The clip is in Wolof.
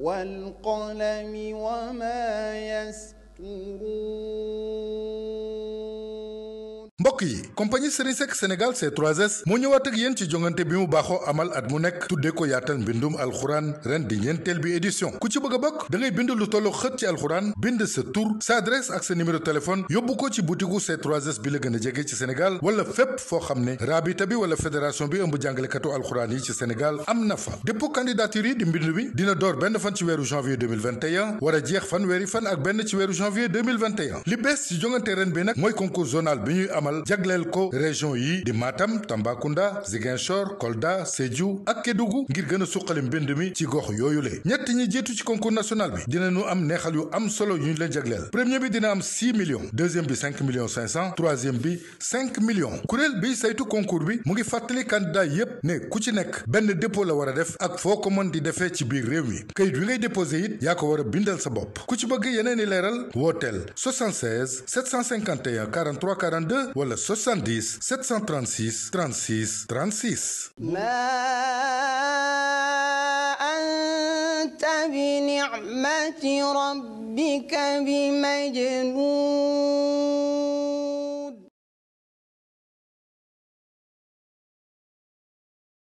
والقلم وما يسطرون mbokk yi compagnie Serigne Seck Sénégal C3S moo ñëwaat ak yéen ci jongante bi mu baaxoo amal at mu nekk tuddee ko yaatal mbindum alxuraan ren di ñeenteel bi édition ku ci bëgg a bokk da ngay bind lu tollu xët ci alxuraan bind sa tur sa adresse ak sa numéro téléphone yóbbu ko ci butiku C3S bi la gën a jege ci Sénégal wala fépp foo xam ne raabita bi wala fédération bi ëmb jàngalekatu alxuraan yi ci Sénégal am na fa dépôt candidature yi di mbindu bi dina door benn fan ci weeru janvier 2021 a jeex fanweeri fan ak benn ci weeru janvier 2021 li bees ren bi nag mooy concours zonal bi ñuy amal amal jagleel ko région yi di maatam Tambacounda Ziguinchor Kolda Sédhiou ak Kédougou ngir gën a suqali mbind mi ci gox yooyu le ñett ñi jiitu ci concours national bi dina dinañu am neexal yu am solo yu ñu leen jagleel premier bi dina am 6 millions deuxième bi 5 millions 500 troisième bi 5 millions kuréel bi saytu concours bi mu ngi fàttali candidat yépp ne ku ci nekk benn dépôt la war a def ak foo ko mën di defee ci biir réew mi kayit wi ngay déposé it yaa ko war a bindal sa bopp ku ci bëgg yeneen i leeral wooteel 76 751 43 42 wala 70 736 36 36. bi ni'mati rabbika bi majnun